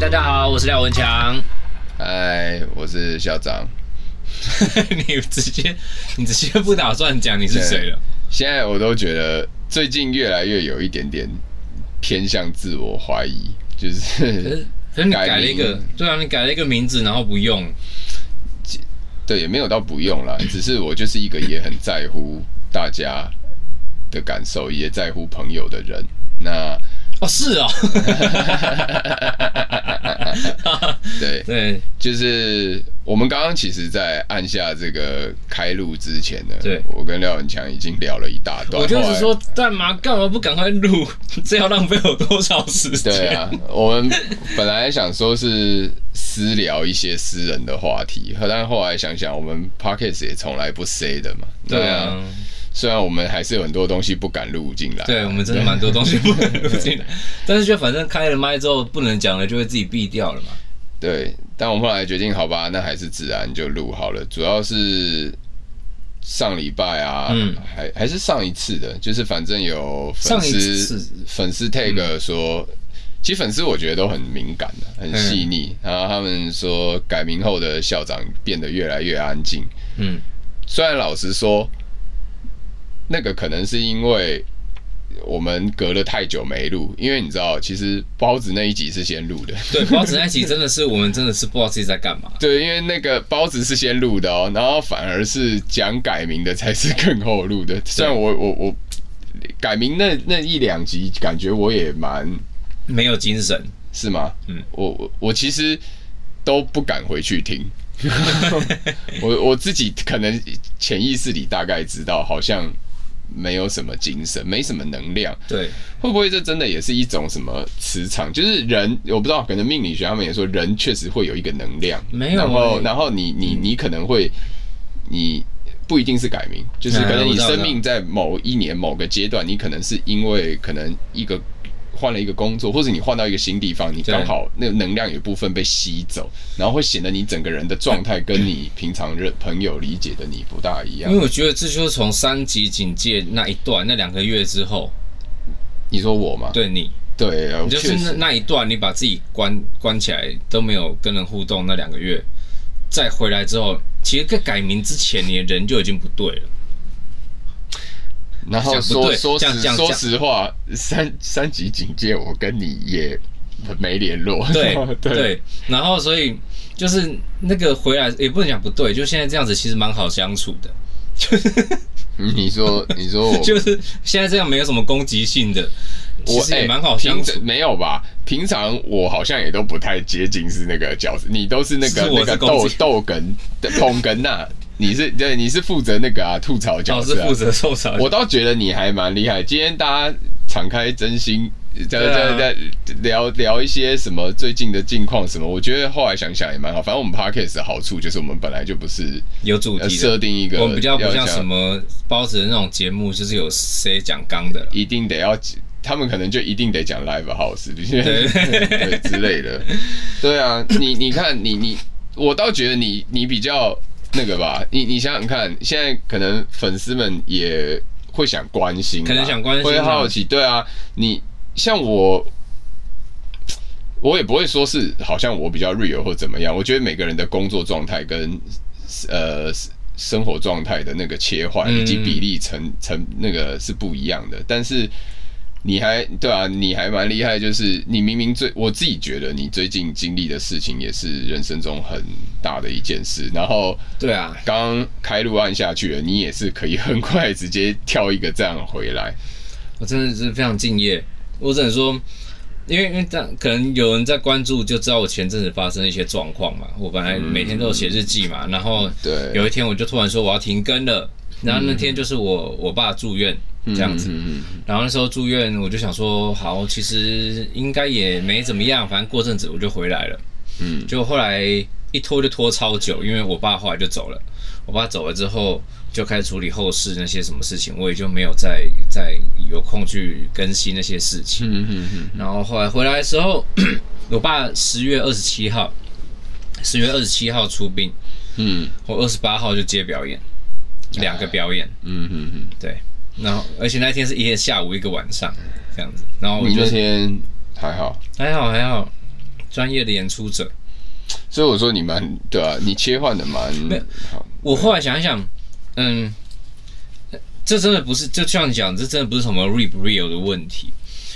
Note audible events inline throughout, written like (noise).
大家好，我是廖文強。嗨，我是校長。 (laughs) (laughs) 你直接，你直接不打算講你是誰了？現在我都覺得最近越來越有一點點偏向自我懷疑，就是，可是，那你改了一個，改名，對啊，你改了一個名字，然後不用，對，也沒有到不用了，只是我就是一個也很在乎大家的感受， (laughs) 也在乎朋友的人，那。哦，是哦，對 (laughs) (laughs) 對，對就是我們剛剛其實，在按下這個開錄之前呢，對，我跟廖文強已經聊了一大段。我就是說，幹嘛幹嘛不趕快錄？這要浪費我多少時間？對啊，我們本來想說是私聊一些私人的話題， (laughs) 但後來想想，我們 podcast 也從來不 say 的嘛，對啊。對啊雖然我們還是有很多東西不敢錄進來，對，對我們真的蠻多東西不敢錄進來， (laughs) 對但是就反正開了麥之後不能講了，就會自己閉掉了嘛。對，但我們後來決定，好吧，那還是自然就錄好了。主要是上禮拜啊，嗯，還還是上一次的，就是反正有粉絲粉絲 tag 說，嗯、其實粉絲我覺得都很敏感的、啊，很細膩，嗯、然後他們說改名後的校長變得越來越安靜。嗯，雖然老實說。那個可能是因為我們隔了太久沒錄，因為你知道，其實包子那一集是先錄的。對，包子那一集真的是 (laughs) 我們真的是不知道自己在幹嘛。對，因為那個包子是先錄的哦，然後反而是講改名的才是更後錄的。對雖然我我我改名那那一兩集，感覺我也蠻沒有精神，是嗎？嗯，我我我其實都不敢回去聽。 (laughs) (laughs) (laughs) 我我自己可能潛意識裡大概知道，好像。沒有什麼精神，沒什麼能量，對，會不會這真的也是一種什麼磁場？就是人，我不知道，可能命理學上面也說，人確實會有一個能量，沒有、欸然，然後然後你你、嗯、你，你可能會，你不一定是改名，就是可能你生命在某一年某個階段，啊、你可能是因為可能一個。換了一個工作，或者你換到一個新地方，你剛好那個能量有一部分被吸走，對然後會顯得你整個人的狀態跟你平常人 (laughs) 朋友理解的你不大一樣。因為我覺得這就是從三級警戒那一段對那兩個月之後，你說我嗎？對你，對，就是那，實那一段你把自己關關起來都沒有跟人互動那兩個月，再回來之後，其實在改名之前，你的人就已經不對了。 (laughs) 然後說說實說實話，三三級警戒，我跟你也沒聯絡。對對。然後所以就是那個回來也不能講不對，就現在這樣子其實蠻好相處的。就是你說你說我就是現在這樣沒有什麼攻擊性的，其實也蠻好相處。沒有吧？平常我好像也都不太接近是那個角色，你都是那個那個逗逗哏的捧哏啊。你是對，你是負責那個啊吐槽，就是負責吐槽。我倒覺得你還蠻厲害。今天大家敞開真心，在在在聊聊一些什麼最近的近況什麼。我覺得後來想想也蠻好。反正我們 Podcast 的好處就是我們本來就不是要設定一個，我們比較不像什麼包子的那種節目，就是有誰講剛的，一定得要他們可能就一定得講 Live House 對、對、對、對之類的。對啊，你你看你你，我倒覺得你你比較。那個吧，你你想想看，現在可能粉絲們也會想關心，可能想關心、啊，會好奇，對啊，你像我，我也不會說是好像我比較 real 或怎麼樣，我覺得每個人的工作狀態跟呃生活狀態的那個切換以及比例成、嗯、成那個是不一樣的，但是。你還對啊，你還蠻厲害，就是你明明最，我自己覺得你最近經歷的事情也是人生中很大的一件事，然後對啊，剛開錄按下去了，啊、你也是可以很快直接跳一個站回來。我真的是非常敬業，我只能說，因為因為可能有人在關注就知道我前陣子發生一些狀況嘛，我本來每天都有寫日記嘛，嗯、然後對，有一天我就突然說我要停更了，然後那天就是我、嗯、我爸住院。這樣子，然後那時候住院，我就想說，好，其實應該也沒怎麼樣，反正過陣子我就回來了。嗯，就後來一拖就拖超久，因為我爸後來就走了。我爸走了之後，就開始處理後事那些什麼事情，我也就沒有再再有空去更新那些事情。嗯嗯嗯。然後後來回來的時候，我爸十月二十七號，十月二十七號出殯。嗯，我二十八號就接表演，兩個表演嗯。嗯嗯嗯，嗯，嗯，對。然後，而且那天是一天下午，一個晚上這樣子。然後我就，你那天還好，還好，還好，專業的演出者。所以我說你蠻對啊，你切換的蠻沒好。我後來想想，對嗯，這真的不是，就像你講，這真的不是什麼 real 不 real 的問題。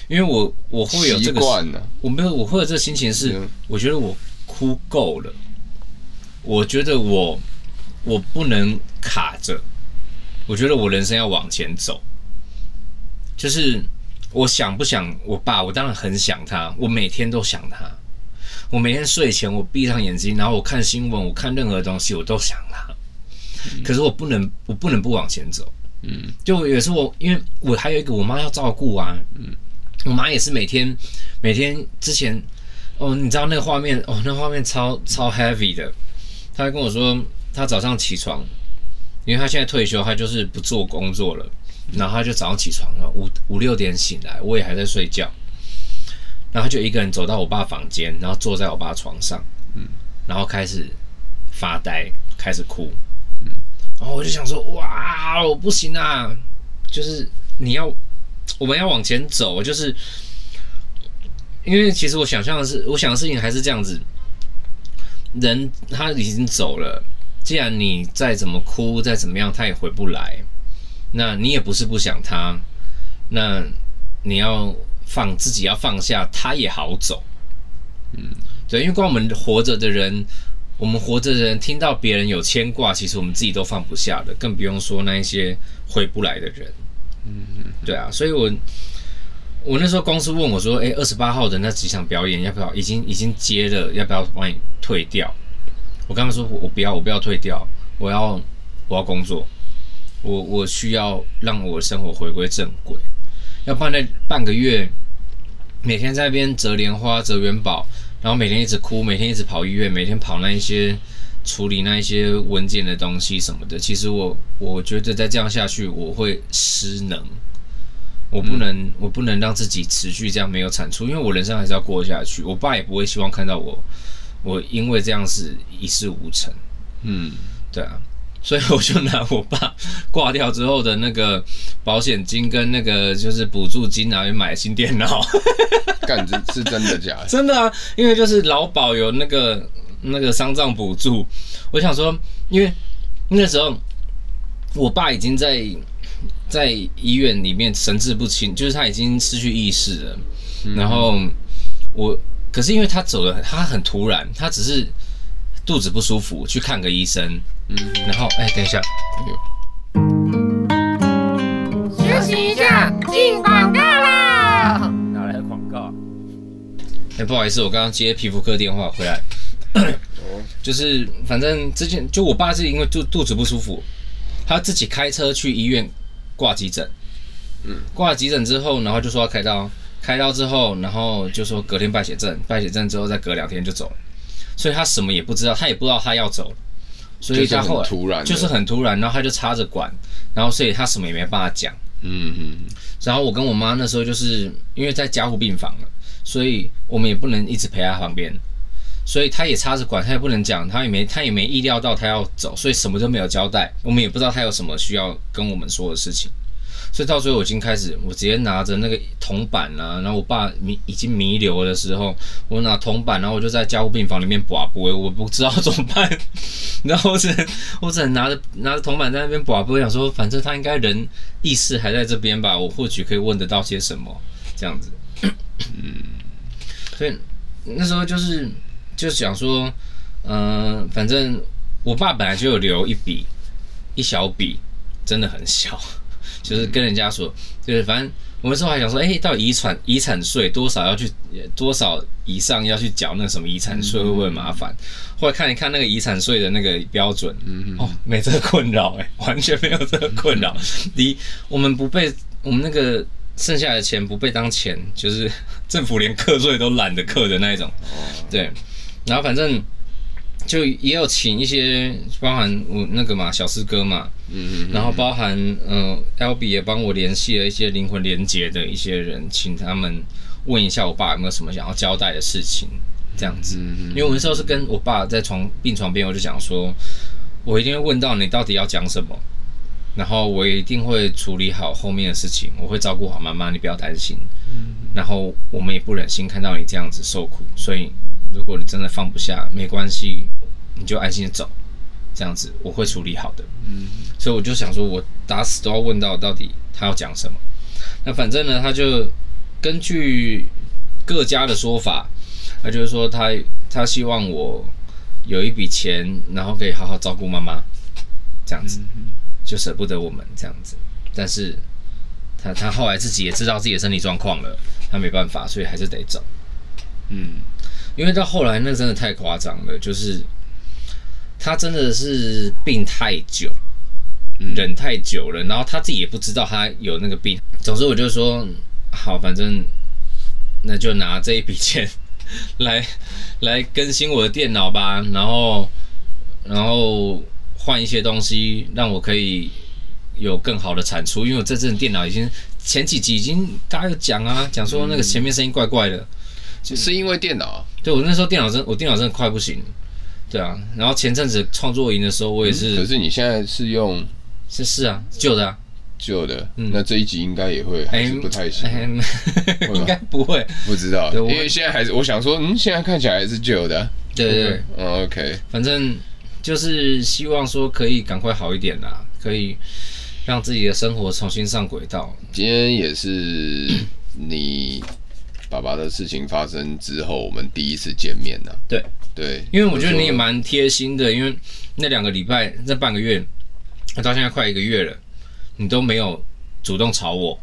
因為我我會有這個，習慣我沒有，我會有這個心情是，嗯、我覺得我哭夠了，我覺得我我不能卡着。我覺得我人生要往前走，就是我想不想我爸？我當然很想他，我每天都想他。我每天睡前我閉上眼睛，然後我看新聞，我看任何東西，我都想他。可是我不能，我不能不往前走。嗯，就也是我，因為我還有一個我媽要照顧啊。嗯，我媽也是每天每天之前哦，你知道那個畫面哦，那畫面超超 heavy 的。她跟我說，她早上起床。因為他現在退休，他就是不做工作了，然後他就早上起床了，五五六點醒來，我也還在睡覺，然後他就一個人走到我爸房間，然後坐在我爸床上，嗯，然後開始發呆，開始哭，嗯，然後我就想說，哇，我不行啊，就是你要，我們要往前走，就是，因為其實我想象的是，我想的事情還是這樣子，人他已經走了。既然你再怎麼哭，再怎麼樣，他也回不來，那你也不是不想他，那你要放自己要放下，他也好走，嗯，對，因為光我們活着的人，我們活着的人聽到別人有牽掛，其實我們自己都放不下的，更不用說那一些回不來的人，嗯，對啊，所以我我那時候公司問我說，哎、欸，二十八號的那幾場表演要不要，已經已經接了，要不要幫你退掉？我剛剛說，我不要，我不要退掉，我要，我要工作，我我需要讓我的生活回歸正軌，要不然那半個月每天在那邊折蓮花、折元寶，然後每天一直哭，每天一直跑醫院，每天跑那一些處理那一些文件的東西什麼的。其實我我覺得再這樣下去，我會失能，我不能、嗯、我不能讓自己持續這樣沒有產出，因為我人生還是要過下去，我爸也不會希望看到我。我因為這樣是一事無成，嗯，對啊，所以我就拿我爸掛掉之後的那個保險金跟那個就是補助金，然後去買新電腦。幹，是真的假的？ (laughs) 真的啊，因為就是勞保有那個那個喪葬補助，我想說，因為那時候我爸已經在在醫院裡面神志不清，就是他已經失去意識了，嗯、然後我。可是因為他走得很，他很突然，他只是肚子不舒服去看個醫生，嗯、mm，hmm. 然後哎、欸，等一下，Okay. 休息一下，進廣告啦。哪、嗯、來的廣告？哎、欸，不好意思，我剛剛接皮膚科電話回來， (coughs) 就是反正之前就我爸是因為肚肚子不舒服，他自己開車去醫院掛急診，嗯、mm，hmm. 掛急診之後，然後就說要開刀。開刀之後，然後就說隔天敗血症，敗血症之後再隔兩天就走了，所以他什麼也不知道，他也不知道他要走了，所以他後來就很突然就是很突然，然後他就插着管，然後所以他什麼也沒辦法講，嗯嗯哼。然後我跟我媽那時候就是因為在加護病房了，所以我們也不能一直陪在旁邊，所以他也插着管，他也不能講，他也沒他也沒意料到他要走，所以什麼都沒有交代，我們也不知道他有什麼需要跟我們說的事情。所以到最後，我已經開始，我直接拿着那個銅板啊，然後我爸彌已經彌留的時候，我拿銅板，然後我就在加護病房裡面卜卜，我不知道怎麼辦，然後我只能我只能拿着拿着銅板在那邊卜卜，想說反正他應該人意識還在這邊吧，我或許可以問得到些什麼這樣子。嗯咳咳，所以那時候就是就想說，嗯、呃，反正我爸本來就有留一筆，一小筆，真的很小。就是跟人家說，就是反正我們之後還想說，誒、欸，到遺產遺產稅多少要去多少以上要去繳那個什麼遺產稅會不會麻煩？或者、嗯嗯嗯、看一看那個遺產稅的那個標準。嗯嗯。哦，沒這個困擾誒，完全沒有這個困擾。第我們不被我們那個剩下的錢不被當錢，就是政府連課稅都懶得課的那一種。哦、對，然後反正。就也有請一些，包含我那個嘛小師哥嘛，嗯、哼然後包含嗯、呃、LB 也幫我聯繫了一些靈魂連接的一些人，請他們問一下我爸有沒有什麼想要交代的事情，這樣子。嗯、哼因為我那時候是跟我爸在床病床邊，我就想說，我一定會問到你到底要講什麼，然後我一定會處理好後面的事情，我會照顧好媽媽，你不要擔心。嗯、哼然後我們也不忍心看到你這樣子受苦，所以如果你真的放不下，沒關係。你就安心的走，這樣子，我會處理好的。嗯哼，所以我就想說，我打死都要問到到底他要講什麼。那反正呢，他就根據各家的說法，他就是說他他希望我有一筆錢，然後可以好好照顧媽媽，這樣子、嗯、哼就捨不得我們這樣子。但是他他後來自己也知道自己的身體狀況了，他沒辦法，所以還是得走。嗯，因為到後來那真的太誇張了，就是。他真的是病太久，忍太久了，嗯、然後他自己也不知道他有那個病。總之，我就說好，反正那就拿這一筆錢來來更新我的電腦吧，然後然後換一些東西，讓我可以有更好的產出。因為我這陣電腦已經前幾集已經大家有講啊，講說那個前面聲音怪怪的，嗯、是因為電腦？就，對，我那時候電腦真，我電腦真的快不行。對啊，然後前陣子創作營的時候，我也是、嗯。可是你現在是用是是啊，舊的啊。舊的，嗯、那這一集應該也會、欸、還是不太行。欸欸、 (laughs) 應該不會，不知道，因為現在還是我想說，嗯，現在看起來還是舊的、啊。對對，對、嗯、OK，反正就是希望說可以趕快好一點啦、啊，可以讓自己的生活重新上軌道。今天也是你爸爸的事情發生之後，我們第一次見面呢、啊。對。對，因為我覺得你也蠻貼心的，我因為那兩個禮拜，那半個月，到現在快一個月了，你都沒有主動吵我。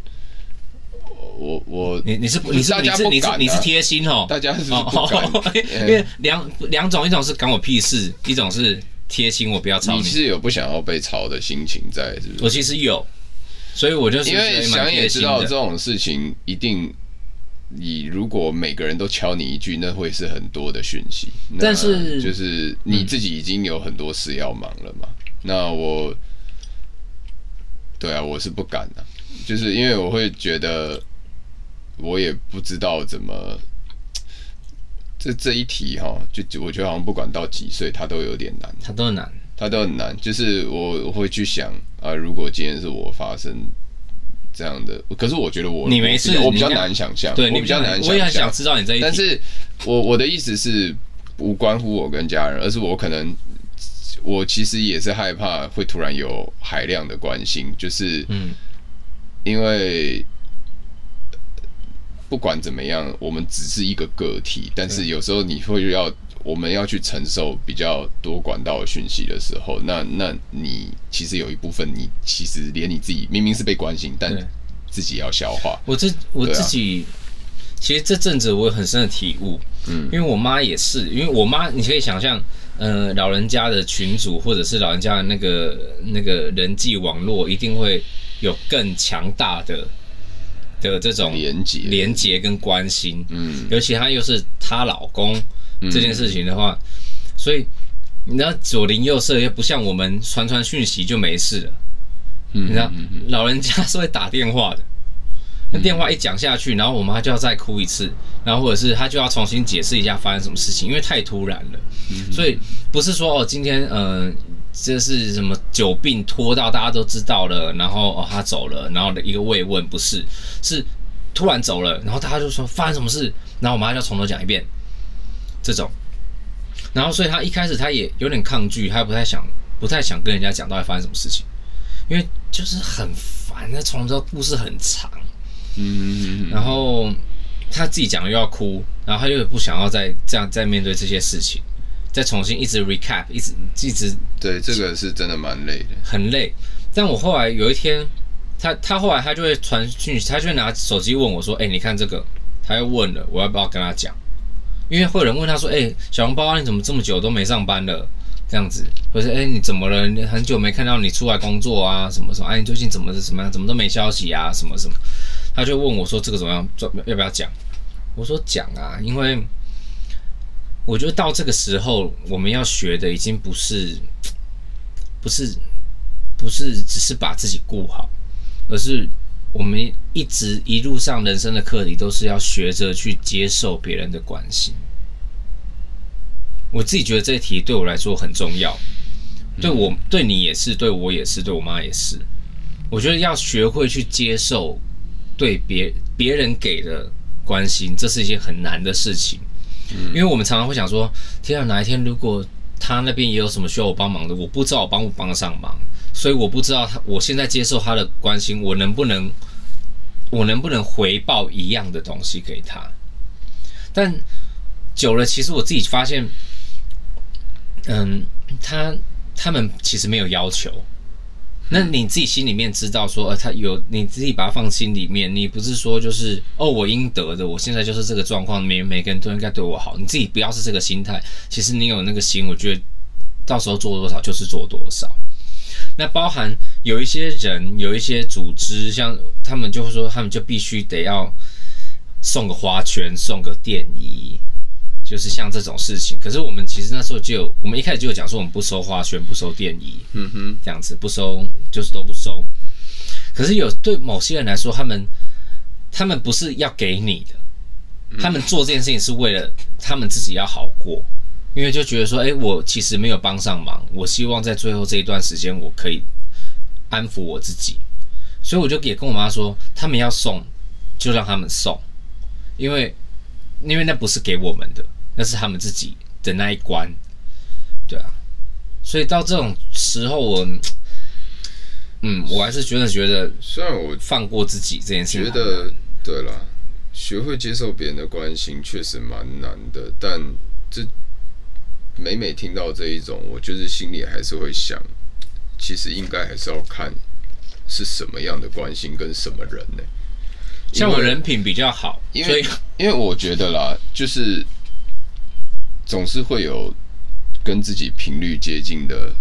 我我你你是不不，啊、你是你是你是你是貼心哦？大家是不給？ (laughs) 因為兩兩種，一種是干我屁事，一種是貼心，我不要吵你。你是有不想要被吵的心情在，是不是？我其實有，所以我就是因為想也知道這種事情一定。你如果每個人都敲你一句，那會是很多的訊息。但是就是你自己已經有很多事要忙了嘛。嗯、那我對啊，我是不敢的、啊，就是因為我會覺得我也不知道怎麼這這一題哈，就我覺得好像不管到幾歲，它都有點難。它都很難，他都很難。就是我，我會去想啊，如果今天是我發生。這樣的，可是我覺得我你沒事，我比較難想象，對講我比較難，對我也很想知道你這但是我，我我的意思是無關乎我跟家人，而是我可能我其實也是害怕會突然有海量的關心，就是嗯，因為不管怎麼樣，我們只是一個個體，但是有時候你會要。我們要去承受比較多管道的訊息的時候，那那你其實有一部分，你其實連你自己明明是被關心，但自己要消化。我自我自己、啊、其實這陣子我有很深的體悟，嗯，因為我媽也是，因為我媽你可以想象，嗯、呃，老人家的群組或者是老人家的那個那個人際網絡，一定會有更強大的的這種連結、連結跟關心，嗯，尤其她又是她老公，這件事情的話，嗯、所以你知道左鄰右舍又不像我們傳傳訊息就沒事了，你知道老人家是會打電話的，嗯、那電話一講下去，嗯、然後我媽就要再哭一次，然後或者是她就要重新解釋一下發生什麼事情，因為太突然了，嗯、所以不是說哦今天嗯、呃、這是什麼久病拖到大家都知道了，然後哦他走了，然後的一個慰問不是，是突然走了，然後大家就說發生什麼事，然後我媽就要從頭講一遍。這種，然後，所以他一開始他也有點抗拒，他不太想，不太想跟人家講到底發生什麼事情，因為就是很煩，那從頭故事很長，嗯，嗯，嗯然後他自己講又要哭，然後他又不想要再這樣再，再面對這些事情，再重新一直 recap，一直一直，一直對，這個是真的蠻累的，很累。但我後來有一天，他他後來他就會傳訊息，他就會拿手機問我說：“哎、欸，你看這個。”他又問了，我要不要跟他講？因為會有人問他說：“哎、欸，小紅包，你怎麼這麼久都沒上班了？這樣子，或是哎、欸，你怎麼了？很久沒看到你出來工作啊，什麼什麼？哎、啊，你最近怎麼怎麼樣？怎麼都沒消息啊？什麼什麼？”他就問我說：“這個怎麼樣？要不要講？”我說：“講啊，因為我覺得到這個時候，我們要學的已經不是不是不是只是把自己顧好，而是。”我們一直一路上人生的課題都是要學着去接受別人的關心。我自己覺得這題對我來說很重要，對我、對你也是，對我也是，對我媽也是。我覺得要學會去接受對別別人給的關心，這是一件很難的事情。因為我們常常會想說：天哪，哪一天如果他那邊也有什麼需要我幫忙的，我不知道我幫不幫得上忙。所以我不知道他，我現在接受他的關心，我能不能，我能不能回報一樣的東西給他？但久了，其實我自己發現，嗯，他他們其實沒有要求。那你自己心裡面知道說，呃、啊，他有，你自己把他放心裡面，你不是說就是哦，我應得的，我現在就是這個狀況，每每個人都應該對我好，你自己不要是這個心態。其實你有那個心，我覺得到時候做多少就是做多少。那包含有一些人，有一些組織，像他們就會說，他們就必須得要送個花圈，送個奠儀，就是像這種事情。可是我們其實那時候就，我們一開始就有講說，我們不收花圈，不收奠儀，嗯哼，這樣子不收，就是都不收。可是有對某些人來說，他們他們不是要給你的，他們做這件事情是為了他們自己要好過。因為就覺得說，哎、欸，我其實沒有幫上忙。我希望在最後這一段時間，我可以安撫我自己，所以我就也跟我媽說，他們要送就讓他們送，因為因為那不是給我們的，那是他們自己的那一關。對啊，所以到這種時候我，我嗯，我還是覺得覺得，雖然我放過自己這件事情，我覺得對啦，學會接受別人的關心確實蠻難的，但這。每每聽到這一種，我就是心裡還是會想，其實應該還是要看是什麼樣的關係跟什麼人呢、欸？像我人品比較好，因為以因為我覺得啦，就是總是會有跟自己頻率接近的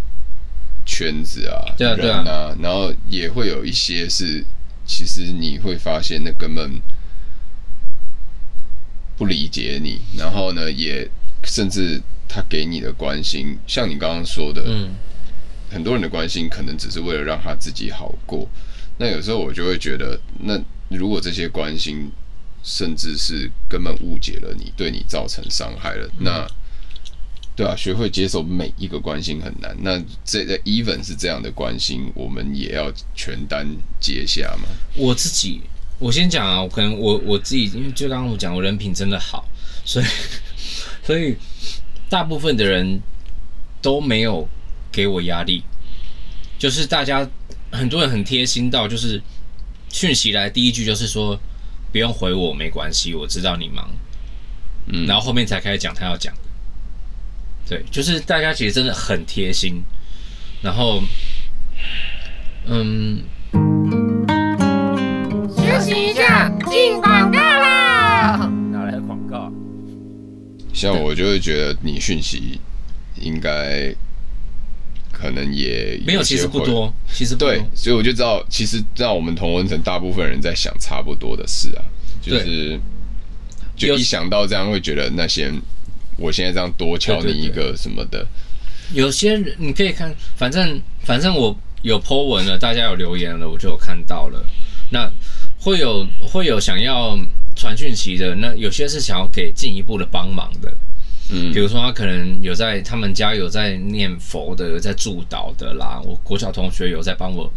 圈子啊，對啊人啊，然後也會有一些是，其實你會發現那根本不理解你，然後呢，也甚至。他給你的關心，像你剛剛說的，嗯，很多人的關心可能只是為了讓他自己好過。那有時候我就會覺得，那如果這些關心，甚至是根本誤解了你，對你造成傷害了，嗯、那，對啊，學會接受每一個關心很難。那這 even 是這樣的關心，我們也要全單接下嗎？我自己，我先講啊，我可能我我自己，因為就剛剛我講，我人品真的好，所以，所以。大部分的人都沒有給我壓力，就是大家很多人很貼心到，就是訊息來第一句就是說不用回我沒關係，我知道你忙，嗯，然後後面才開始講他要講，對，就是大家其實真的很貼心，然後，嗯，休息一下，進廣告。像我就會覺得你訊息應該可能也沒有，其實不多，其實對，所以我就知道，其實知道我們同溫層大部分人在想差不多的事啊，就是就一想到這樣會覺得那些我現在這樣多敲你一個什麼的，有些人你可以看，反正反正我有 Po 文了，大家有留言了，我就有看到了，那會有會有想要。傳訊息的那有些是想要給進一步的幫忙的，嗯，比如說他可能有在他們家有在念佛的，有在祝禱的啦。我國小同學有在幫我，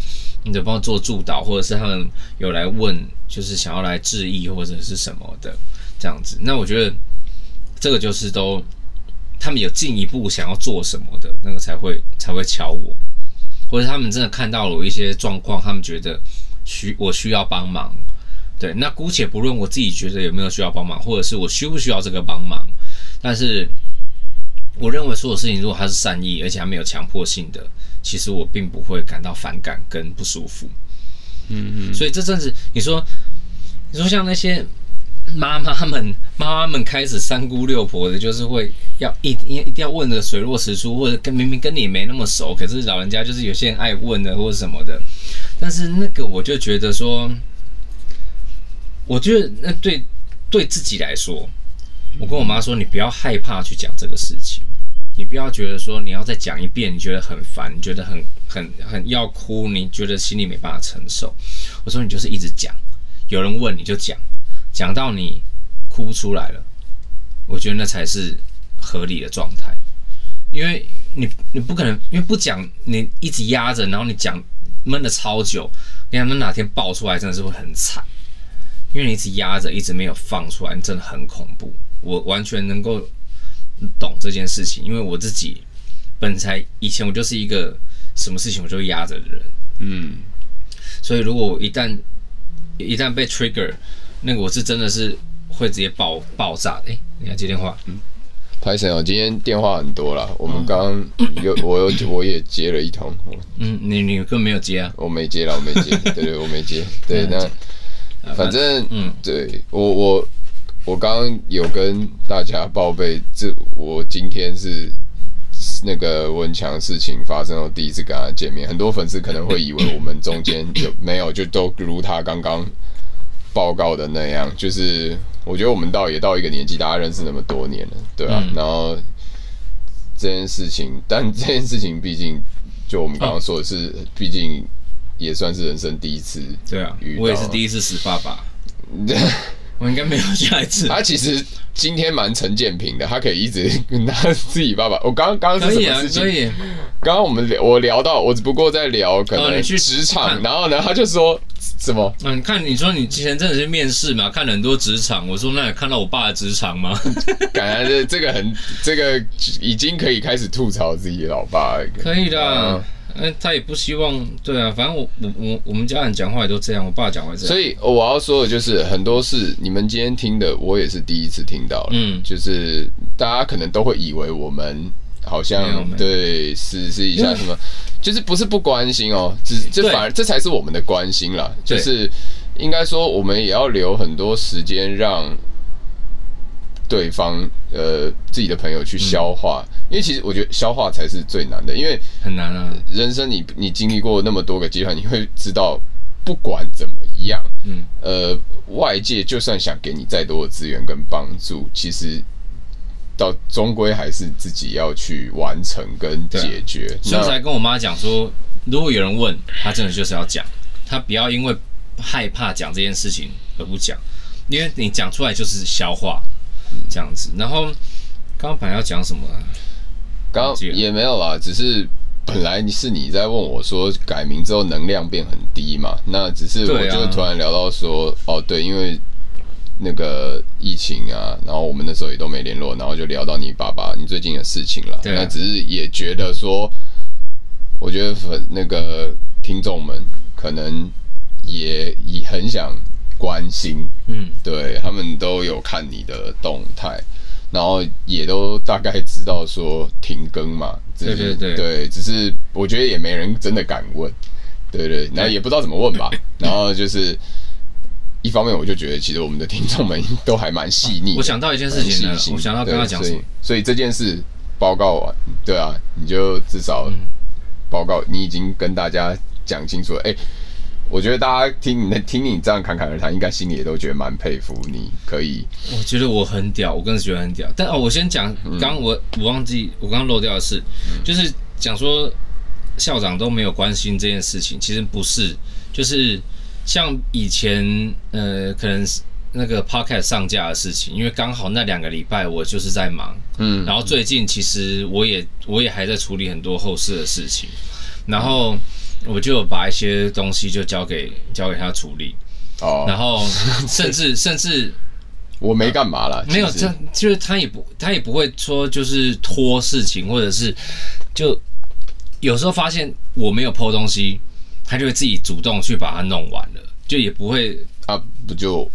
你得幫我做祝禱，或者是他們有來問，就是想要來致意或者是什麼的這樣子。那我覺得這個就是都他們有進一步想要做什麼的那個才會才會敲我，或者他們真的看到了我一些狀況，他們覺得需我需要幫忙。對，那姑且不論我自己覺得有沒有需要幫忙，或者是我需不需要這個幫忙，但是我認為所有事情，如果他是善意，而且他沒有強迫性的，其實我並不會感到反感跟不舒服。嗯嗯。所以這陣子你說，你說像那些媽媽們、媽媽們開始三姑六婆的，就是會要一一一定要問個水落石出，或者跟明明跟你沒那麼熟，可是老人家就是有些人愛問的或者什麼的。但是那個我就覺得說。我覺得那對對自己來說，我跟我媽說：“你不要害怕去講這個事情，你不要覺得說你要再講一遍，你覺得很煩，你覺得很很很要哭，你覺得心裡沒辦法承受。”我說：“你就是一直講，有人問你就講，講到你哭不出來了，我覺得那才是合理的狀態，因為你你不可能因為不講你一直壓着，然後你講悶得超久，你還能哪天爆出來真的是會很慘。”因為你一直壓着，一直沒有放出來，你真的很恐怖。我完全能夠懂這件事情，因為我自己本才以前我就是一個什麼事情我就壓着的人，嗯。所以如果我一旦一旦被 trigger，那個我是真的是會直接爆爆炸的。哎、欸，你要接電話？嗯。不好意思、喔，我今天電話很多了、嗯。我們剛剛有我有我也接了一通。嗯，你你有沒有接啊？我沒接了，我沒接。對 (laughs) 對，我沒接。對，我沒接 (laughs) 對那。反正，嗯，對我我我剛剛有跟大家報備，這我今天是那個文強事情發生後第一次跟他見面，很多粉絲可能會以為我們中間有 (coughs) 沒有就都如他剛剛報告的那樣，就是我覺得我們倒也到一個年紀，大家認識那麼多年了，對啊，嗯、然後這件事情，但這件事情畢竟就我們剛剛說的是，畢竟。也算是人生第一次、對啊，我也是第一次死爸爸， (laughs) (laughs) 我應該沒有下一次。他其實今天蠻陳建平的，他可以一直跟他自己爸爸。我剛剛剛剛是什麼事情？可以、啊、可以，剛剛我們聊我聊到，我只不過在聊可能職場，呃、你去然後呢，他就說什麼？嗯、啊，你看你說你之前真的是面試嘛，看了很多職場。我說那看到我爸的職場嗎？感覺這這個很，這個已經可以開始吐槽自己老爸可、可以的。啊嗯，他也不希望，對啊，反正我我我我們家人講話也都這樣，我爸講話也這樣。所以我要說的就是，很多事你們今天聽的，我也是第一次聽到了。嗯，就是大家可能都會以為我們好像有對是是一下什麼，為就是不是不關心哦，只這反而這才是我們的關心啦。對就是應該說，我們也要留很多時間讓。對方呃自己的朋友去消化，嗯、因為其實我覺得消化才是最難的，因為很難啊。人生你你經歷過那麼多個階段，你會知道不管怎麼樣，嗯，呃，外界就算想給你再多的資源跟幫助，其實到終歸還是自己要去完成跟解決。所以才跟我媽講說，如果有人問她，真的就是要講，她不要因為害怕講這件事情而不講，因為你講出來就是消化。這樣子，然後剛剛本來要講什麼？啊，剛也沒有啦，只是本來你是你在問我說改名之後能量變很低嘛，那只是我就突然聊到說對、啊、哦對，因為那個疫情啊，然後我們那時候也都沒聯絡，然後就聊到你爸爸你最近的事情了，啊，那只是也覺得說，我覺得粉那個聽眾們可能也也很想。關心，嗯，對他們都有看你的動態，然後也都大概知道說停更嘛，對對對，對，對，對，只是我覺得也沒人真的敢問，對對，對，對，然後也不知道怎麼問吧，然後就是 (laughs) 一方面我就覺得其實我們的聽眾們都還蠻細膩，我想到一件事情，我想到跟他講什麼，所以這件事報告完，對啊，你就至少報告、嗯、你已經跟大家講清楚了，哎、欸。我覺得大家聽你聽你這樣侃侃而談，應該心裡也都覺得蠻佩服。你可以，我覺得我很屌，我個人覺得很屌。但哦，我先講，剛、嗯、我我忘記我剛漏掉的是，嗯、就是講說校長都沒有關心這件事情，其實不是，就是像以前呃，可能那個 Podcast 上架的事情，因為剛好那兩個禮拜我就是在忙，嗯，然後最近其實我也我也還在處理很多後事的事情，然後。嗯我就把一些東西就交給交給他處理，oh. 然後甚至 (laughs) 甚至我沒幹嘛了，呃、實沒有，這就是他也不他也不會說就是拖事情，或者是就有時候發現我沒有 po 東西，他就會自己主動去把它弄完了，就也不會啊，不就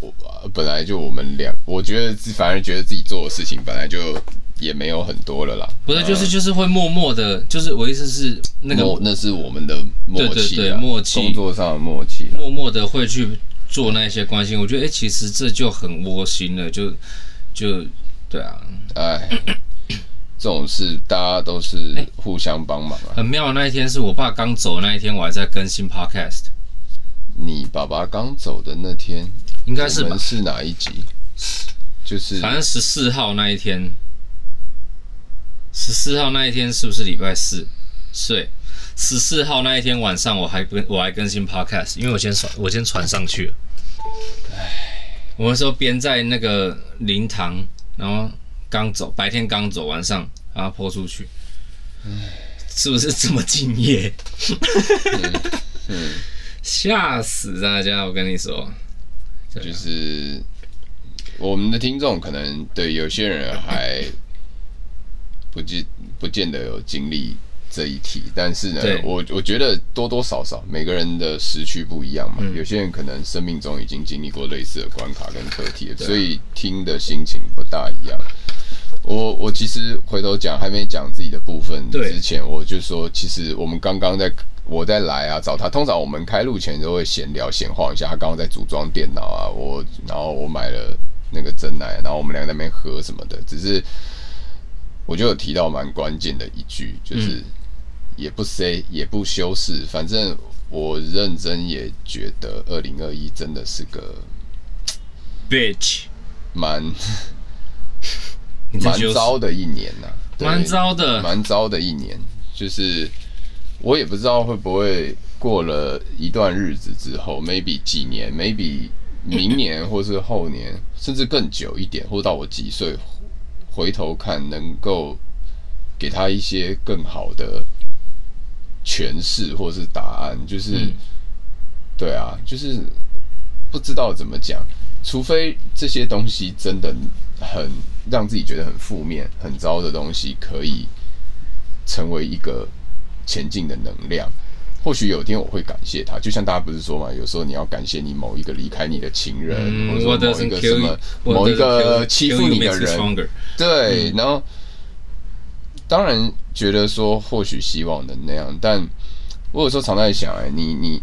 本來就我們倆，我覺得反而覺得自己做的事情本來就。也沒有很多了啦，不是，就是就是會默默的，嗯、就是我意思是那個那是我們的默契。啊，對對對，默契，工作上的默契，默默的會去做那些關心。啊、我覺得，哎、欸，其實這就很窩心了，就就對啊，哎，這種事大家都是互相幫忙啊，欸、很妙。那一天是我爸剛走那一天，我還在更新 Podcast。你爸爸剛走的那天，應該是吧？我們是哪一集？就是反正十四號那一天。十四號那一天是不是禮拜四？對，十四號那一天晚上我還跟我還更新 Podcast，因為我先傳我先傳上去了。唉，對我們說邊在那個靈堂，然後剛走白天剛走，晚上然後 PO 出去。唉是不是這麼敬業？嚇死大家！我跟你說，就是、啊、我們的聽眾可能對有些人還。 (laughs) 不，不見得有經歷這一題，但是呢，對我我覺得多多少少每個人的時區不一樣嘛，嗯、有些人可能生命中已經經歷過類似的關卡跟課題，對所以聽的心情不大一樣。我我其實回頭講，還沒講自己的部分之前，對我就說，其實我們剛剛在我在來啊找他，通常我們開錄前都會閒聊閒晃一下，他剛剛在組裝電腦啊，我然後我買了那個珍奶，然後我們兩個在那邊喝什麼的，只是。我就有提到蠻關鍵的一句，就是也不 say、嗯、也不修飾，反正我認真也覺得二零二一真的是個 bitch，蠻蠻糟的一年吶、啊，蠻糟的，蠻糟的一年。就是我也不知道會不會過了一段日子之後，maybe 幾年，maybe 明年或是後年， (coughs) 甚至更久一點，或到我幾歲。回頭看，能夠給他一些更好的詮釋或是答案，就是、嗯、對啊，就是不知道怎麼講，除非這些東西真的很讓自己覺得很負面、很糟的東西，可以成為一個前進的能量。或許有一天我會感謝他，就像大家不是說嘛，有時候你要感謝你某一個離開你的情人，嗯、或者說某一個什麼，某一個欺負你的人，嗯、對。然後，當然覺得說或許希望能那樣，但我有時候常在想、欸，哎，你你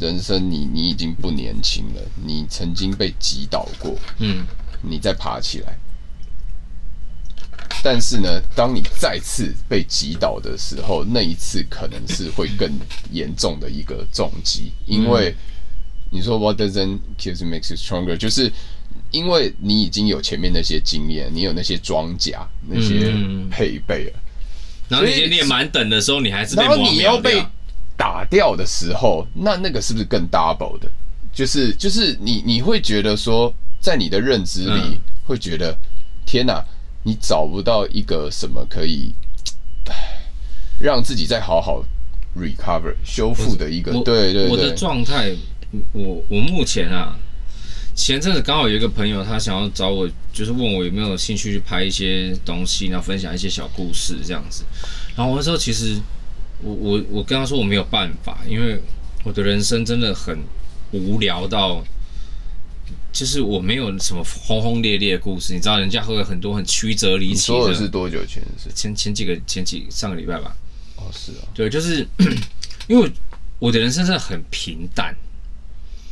人生你你已經不年輕了，你曾經被擊倒過，嗯，你再爬起來。但是呢，當你再次被擊倒的時候，那一次可能是會更嚴重的一個重擊， (laughs) 因為你說、mm hmm. what doesn't kill makes you make stronger，就是因為你已經有前面那些經驗，你有那些裝甲、那些配備了。Mm hmm. 所以然後你也滿等的時候，你還是然後你要被打掉的時候，那那個是不是更 double 的就是就是你你會覺得說，在你的認知裡會覺得、嗯、天哪、啊。你找不到一個什麼可以讓自己再好好 recover 修復的一個我我對對對，我的狀態。我我目前啊，前陣子剛好有一個朋友，他想要找我，就是問我有沒有興趣去拍一些東西，然後分享一些小故事這樣子。然後我那時候其實我我我跟他說我沒有辦法，因為我的人生真的很無聊到。就是我沒有什麼轟轟烈烈的故事，你知道人家會有很多很曲折離奇的。說的是多久前是？是前前幾個前幾上個禮拜吧。哦，是啊。對，就是 (coughs) 因為我，我的人生真的很平淡。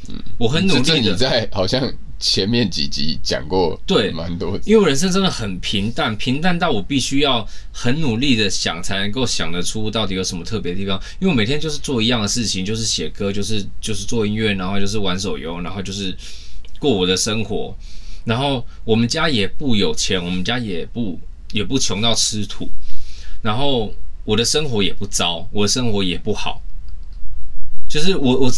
嗯，我很努力的。這這你在好像前面幾集講過，對，蠻多。因為我人生真的很平淡，平淡到我必須要很努力的想才能夠想得出到底有什麼特別的地方。因為我每天就是做一樣的事情，就是寫歌，就是就是做音樂，然後就是玩手遊，然後就是。過我的生活，然後我們家也不有錢，我們家也不也不窮到吃土，然後我的生活也不糟，我的生活也不好，就是我我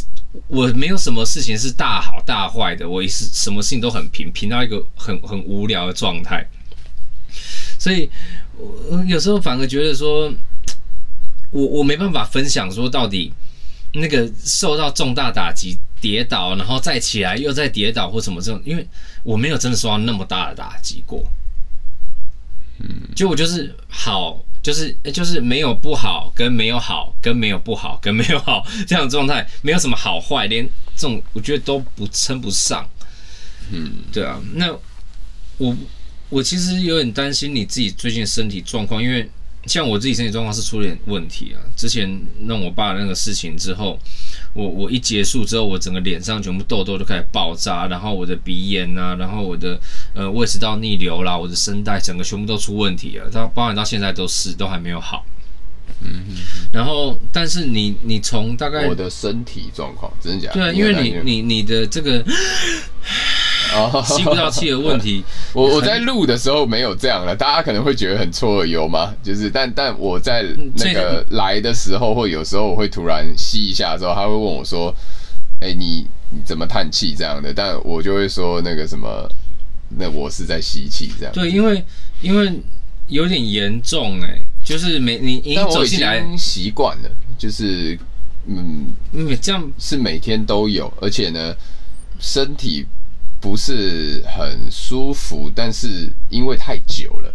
我沒有什麼事情是大好大壞的，我是什麼事情都很平平到一個很很無聊的狀態，所以，我有時候反而覺得說，我我沒辦法分享說到底那個受到重大打擊。跌倒，然後再起來，又再跌倒或什麼這種，因為我沒有真的受到那麼大的打擊過，嗯，就我就是好，就是就是沒有不好，跟沒有好，跟沒有不好，跟沒有好這樣的狀態，沒有什麼好壞，連這種我覺得都不稱不上，嗯，對啊，那我我其實有點擔心你自己最近身體狀況，因為像我自己身體狀況是出了點問題啊，之前弄我爸那個事情之後。我我一結束之後，我整個臉上全部痘痘都開始爆炸，然後我的鼻炎啊，然後我的呃胃食道逆流啦、啊，我的聲帶整個全部都出問題了，到包含到現在都是都還沒有好。嗯哼哼，然後但是你你從大概我的身體狀況，真的假的？對啊，因為你你你的這個。呵呵哦， (laughs) 吸不到氣的問題。 (laughs) 我我在錄的時候沒有這樣了，大家可能會覺得很搓耳油嗎？就是，但但我在那個來的時候，或有時候我會突然吸一下之後，他會問我說：“哎，你你怎麼嘆氣？”這樣的，但我就會說那個什麼，那我是在吸氣這樣。對，因為因為有點嚴重哎，就是沒你，因為，我已經習慣了，就是嗯，因為這樣是每天都有，而且呢，身體。不是很舒服，但是因為太久了，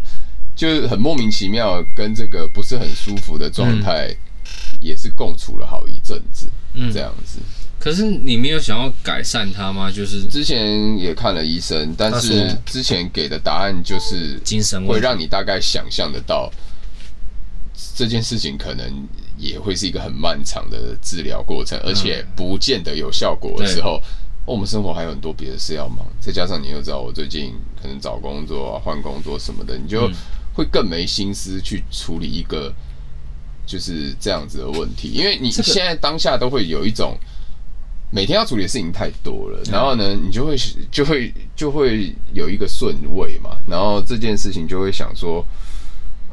就是很莫名其妙，跟這個不是很舒服的狀態、嗯、也是共處了好一陣子，嗯、這樣子。可是你沒有想要改善它嗎？就是之前也看了醫生，但是之前給的答案就是會讓你大概想象得到這件事情，可能也會是一個很漫長的治療過程，嗯、而且不見得有效果的時候。哦、我們生活還有很多別的事要忙，再加上你又知道我最近可能找工作啊、換工作什麼的，你就會更沒心思去處理一個就是這樣子的問題。因為你現在當下都會有一種每天要處理的事情太多了，然後呢，你就會就會就會有一個順位嘛，然後這件事情就會想說，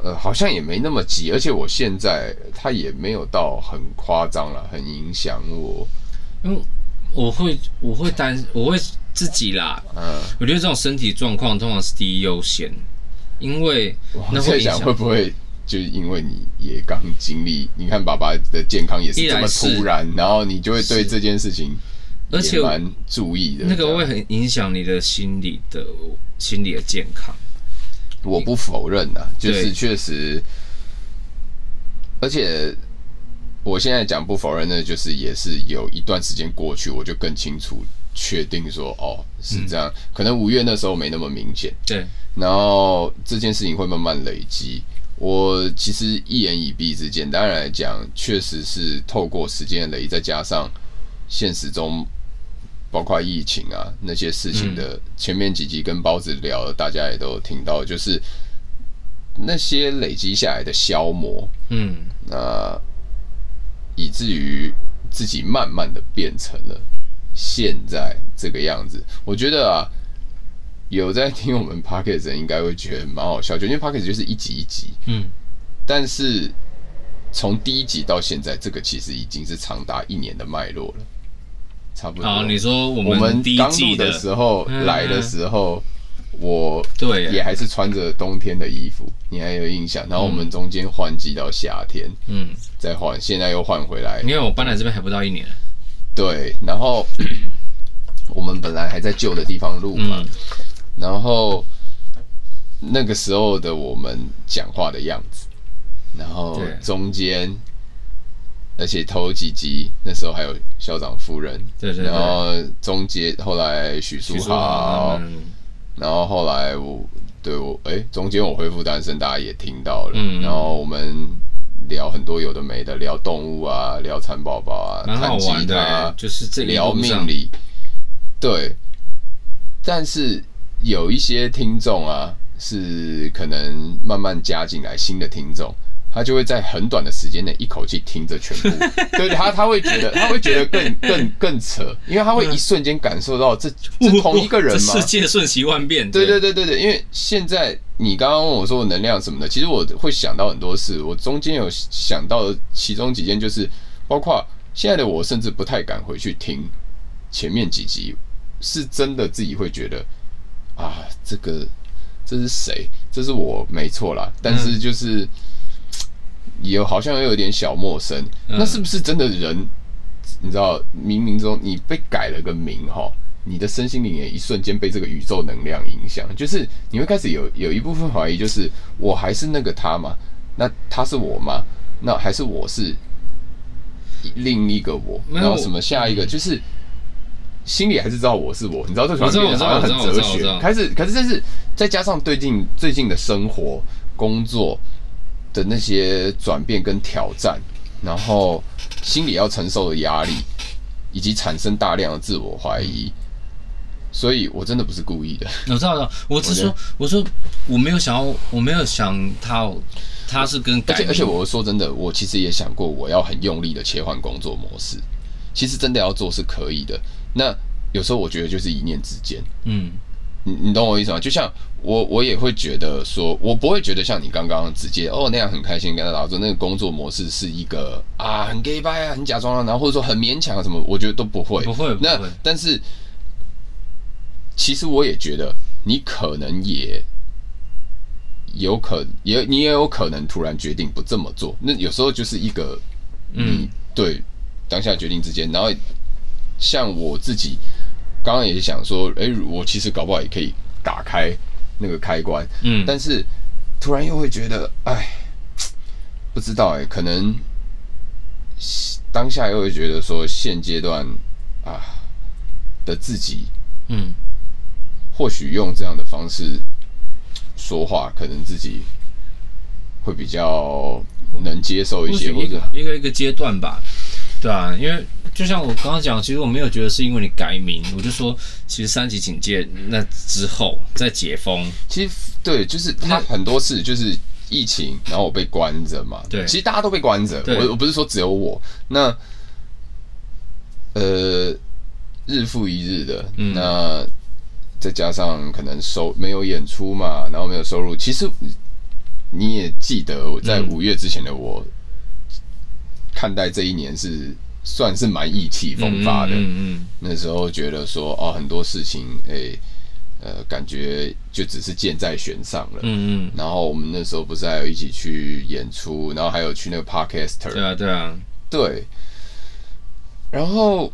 呃，好像也沒那麼急，而且我現在它也沒有到很誇張了，很影響我，嗯我會我會擔我會自己啦，嗯，我覺得這種身體狀況通常是第一優先，因為哇那會影響會不會？會，不會就是因為你也剛經歷，你看爸爸的健康也是這麼突然，然後你就會對這件事情而且是蠻注意的。樣那個會很影響你的心理的心理的健康。我不否認吶、啊，就是確實，對而且。我現在講不否認，的就是也是有一段時間過去，我就更清楚確定說，哦，是這樣。嗯、可能五月那時候沒那麼明顯，對。然後這件事情會慢慢累積。我其實一言以蔽之，簡單來講，確實是透過時間的累積，再加上現實中包括疫情啊那些事情的，前面幾集跟包子聊的，嗯、大家也都聽到，就是那些累積下來的消磨，嗯，那、呃。以至於自己慢慢的變成了現在這個樣子。我覺得啊，有在聽我們 podcast 的人應該會覺得蠻好笑，就因為 podcast 就是一集一集，嗯。但是從第一集到現在，這個其實已經是長達一年的脈絡了，差不多。你說我們剛錄的時候來的時候。我對，也還是穿着冬天的衣服，你還有印象？然後我們中間換季到夏天，嗯，再換，現在又換回來。因為我搬來這邊還不到一年、嗯。對，然後 (coughs) 我們本來還在舊的地方錄嘛、嗯，然後那個時候的我們講話的樣子，然後中間，對而且頭幾集那時候還有校長夫人，對對，對，然後中間後來許書豪。然後後來我對我哎，中間我恢復單身，嗯、大家也聽到了。然後我們聊很多有的沒的，聊動物啊，聊蠶寶寶啊，彈吉他就是這聊命理。對，但是有一些聽眾啊，是可能慢慢加進來新的聽眾。他就會在很短的時間內一口氣聽着全部， (laughs) 對，他他會覺得他會覺得更更更扯，因為他會一瞬間感受到這、嗯、這同一個人嘛、嗯、世界瞬息萬變對。對對對對對，因為現在你剛剛問我說的能量什麼的，其實我會想到很多事。我中間有想到的其中幾件，就是包括現在的我，甚至不太敢回去聽前面幾集，是真的自己會覺得啊，這個這是誰？這是我沒錯啦，但是就是。嗯也有好像又有點小陌生，嗯、那是不是真的人？你知道，冥冥中你被改了個名哈，你的身心靈也一瞬間被這個宇宙能量影響，就是你會開始有有一部分懷疑，就是我還是那個他嗎？那他是我嗎？那還是我是另一個我？有然後什麼下一個？我就是心裡還是知道我是我，你知道這轉變好像很哲學。開始可是這是再加上最近最近的生活工作。的那些轉變跟挑戰，然後心理要承受的壓力，以及產生大量的自我懷疑，所以我真的不是故意的。我知道，我知道，我是說，我說我沒有想要，我沒有想他，他是跟改而。而且我說真的，我其實也想過，我要很用力的切換工作模式，其實真的要做是可以的。那有時候我覺得就是一念之間，嗯。你你懂我意思嗎？就像我我也會覺得說，我不會覺得像你剛剛直接哦那樣很開心跟他聊着，那個工作模式是一個啊很假掰啊很假裝啊，啊，然後或者說很勉強、啊、什麼，我覺得都不會不會。不會，那但是其實我也覺得你可能也有可能也你也有可能突然決定不這麼做，那有時候就是一個嗯，嗯對當下決定之間，然後像我自己。剛剛也是想說，哎、欸，我其實搞不好也可以打開那個開關，嗯，但是突然又會覺得，哎，不知道、欸，哎，可能當下又會覺得說現階，現階段啊的自己，嗯，或許用這樣的方式說話，可能自己會比較能接受一些，一個一個一個階段吧，對啊，因為。就像我剛剛講，其實我沒有覺得是因為你改名，我就說，其實三級警戒，那之後在解封，其實對，就是他很多次就是疫情，然後我被關着嘛，對，其實大家都被關着，對我我不是說只有我，那呃日復一日的，嗯、那再加上可能收沒有演出嘛，然後沒有收入，其實你也記得我在五月之前的我看待這一年是。算是蠻意氣風發的，嗯嗯嗯嗯，那時候覺得說哦，很多事情，誒、欸，呃，感覺就只是箭在弦上了。嗯嗯。然後我們那時候不是還有一起去演出，然後還有去那個 Podcaster。對，啊，對啊，對啊，對。然後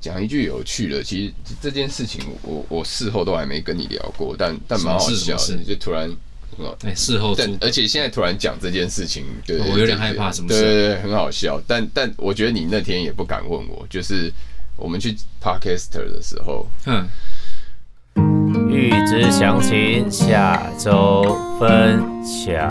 講一句有趣的，其實這件事情我我事後都還沒跟你聊過，但但蠻好笑的，你就突然。對、哎，事後但，而且現在突然講這件事情，對、哦、我有點害怕。些什麼事？對對對，很好笑。但但我覺得你那天也不敢問我，就是我們去 Parkster 的時候，哼、嗯，欲知詳情，下周分曉。